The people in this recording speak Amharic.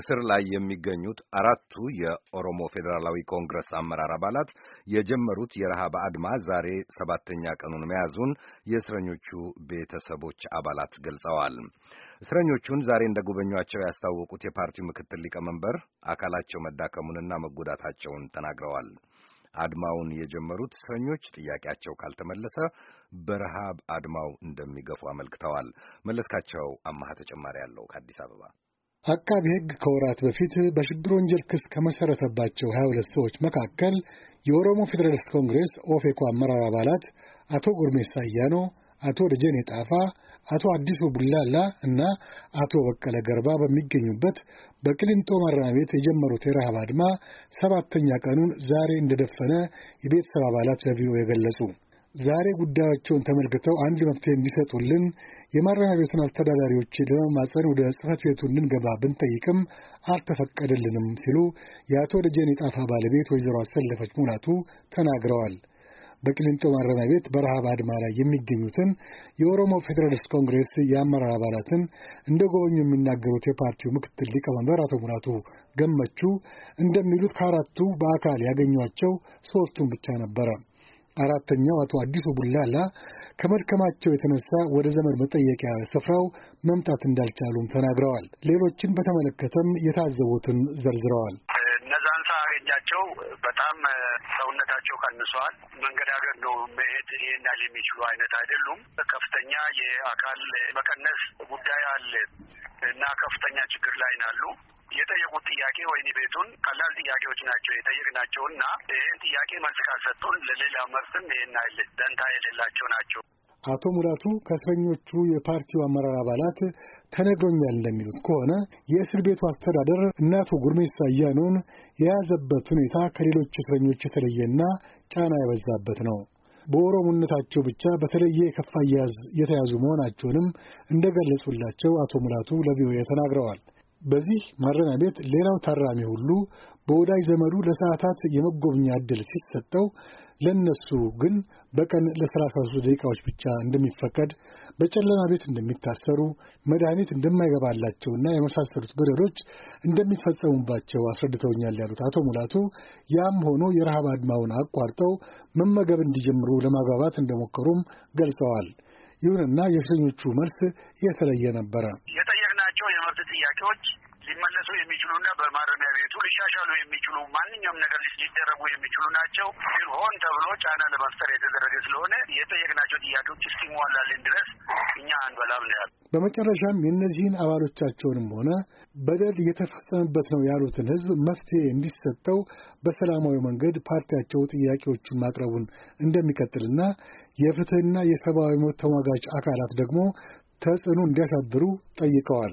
እስር ላይ የሚገኙት አራቱ የኦሮሞ ፌዴራላዊ ኮንግረስ አመራር አባላት የጀመሩት የረሃብ አድማ ዛሬ ሰባተኛ ቀኑን መያዙን የእስረኞቹ ቤተሰቦች አባላት ገልጸዋል። እስረኞቹን ዛሬ እንደ ጎበኟቸው ያስታወቁት የፓርቲው ምክትል ሊቀመንበር አካላቸው መዳከሙንና መጎዳታቸውን ተናግረዋል። አድማውን የጀመሩት እስረኞች ጥያቄያቸው ካልተመለሰ በረሃብ አድማው እንደሚገፉ አመልክተዋል። መለስካቸው አማሃ ተጨማሪ አለው ከአዲስ አበባ አቃቢ ሕግ ከወራት በፊት በሽብር ወንጀል ክስ ከመሰረተባቸው 22 ሰዎች መካከል የኦሮሞ ፌዴራሊስት ኮንግሬስ ኦፌኮ አመራር አባላት አቶ ጉርሜሳ አያኖ፣ አቶ ደጀኔ ጣፋ፣ አቶ አዲሱ ቡላላ እና አቶ በቀለ ገርባ በሚገኙበት በቅሊንጦ ማረሚያ ቤት የጀመሩት የረሃብ አድማ ሰባተኛ ቀኑን ዛሬ እንደደፈነ የቤተሰብ አባላት ለቪኦኤ ገለጹ። ዛሬ ጉዳያቸውን ተመልክተው አንድ መፍትሄ እንዲሰጡልን የማረሚያ ቤቱን አስተዳዳሪዎች ለመማፀን ወደ ጽፈት ቤቱ እንድንገባ ብንጠይቅም አልተፈቀደልንም ሲሉ የአቶ ደጀኔ ጣፋ ባለቤት ወይዘሮ አሰለፈች ሙላቱ ተናግረዋል። በቅሊንጦ ማረሚያ ቤት በረሃብ አድማ ላይ የሚገኙትን የኦሮሞ ፌዴራሊስት ኮንግሬስ የአመራር አባላትን እንደ ጎበኙ የሚናገሩት የፓርቲው ምክትል ሊቀመንበር አቶ ሙላቱ ገመቹ እንደሚሉት ከአራቱ በአካል ያገኟቸው ሶስቱን ብቻ ነበረ። አራተኛው አቶ አዲሱ ቡላላ ከመድከማቸው የተነሳ ወደ ዘመድ መጠየቂያ ስፍራው መምጣት እንዳልቻሉም ተናግረዋል። ሌሎችን በተመለከተም የታዘቡትን ዘርዝረዋል። እድሜያቸው በጣም ሰውነታቸው ቀንሷል። መንገድ ሀገር ነው መሄድ ይሄን ያህል የሚችሉ አይነት አይደሉም። ከፍተኛ የአካል መቀነስ ጉዳይ አለ እና ከፍተኛ ችግር ላይ ናሉ። የጠየቁት ጥያቄ ወይኒ ቤቱን ቀላል ጥያቄዎች ናቸው የጠየቅናቸው እና ይህን ጥያቄ መልስ ካልሰጡን ለሌላ መብትም ይህን አይል ደንታ የሌላቸው ናቸው። አቶ ሙላቱ ከእስረኞቹ የፓርቲው አመራር አባላት ተነግሮኛል እንደሚሉት ከሆነ የእስር ቤቱ አስተዳደር እነ አቶ ጉርሜሳ አያኖን የያዘበት ሁኔታ ከሌሎች እስረኞች የተለየና ጫና የበዛበት ነው። በኦሮሞነታቸው ብቻ በተለየ የከፋ አያያዝ የተያዙ መሆናቸውንም እንደገለጹላቸው አቶ ሙላቱ ለቪኦኤ ተናግረዋል። በዚህ ማረሚያ ቤት ሌላው ታራሚ ሁሉ በወዳጅ ዘመዱ ለሰዓታት የመጎብኛ ዕድል ሲሰጠው ለእነሱ ግን በቀን ለ33 ደቂቃዎች ብቻ እንደሚፈቀድ፣ በጨለማ ቤት እንደሚታሰሩ፣ መድኃኒት እንደማይገባላቸውና የመሳሰሉት በደሎች እንደሚፈጸሙባቸው አስረድተውኛል ያሉት አቶ ሙላቱ ያም ሆኖ የረሃብ አድማውን አቋርጠው መመገብ እንዲጀምሩ ለማግባባት እንደሞከሩም ገልጸዋል። ይሁንና የእስረኞቹ መልስ የተለየ ነበረ። ያላቸው የመብት ጥያቄዎች ሊመለሱ የሚችሉና በማረሚያ ቤቱ ሊሻሻሉ የሚችሉ ማንኛውም ነገር ሊደረጉ የሚችሉ ናቸው። ግን ሆን ተብሎ ጫና ለመፍጠር የተደረገ ስለሆነ የጠየቅናቸው ጥያቄዎች እስኪሟላልን ድረስ እኛ አንበላም ነው ያሉ። በመጨረሻም የእነዚህን አባሎቻቸውንም ሆነ በደል እየተፈጸመበት ነው ያሉትን ሕዝብ መፍትሄ እንዲሰጠው በሰላማዊ መንገድ ፓርቲያቸው ጥያቄዎቹን ማቅረቡን እንደሚቀጥልና የፍትህና የሰብአዊ መብት ተሟጋች አካላት ደግሞ ተጽዕኖ እንዲያሳድሩ ጠይቀዋል።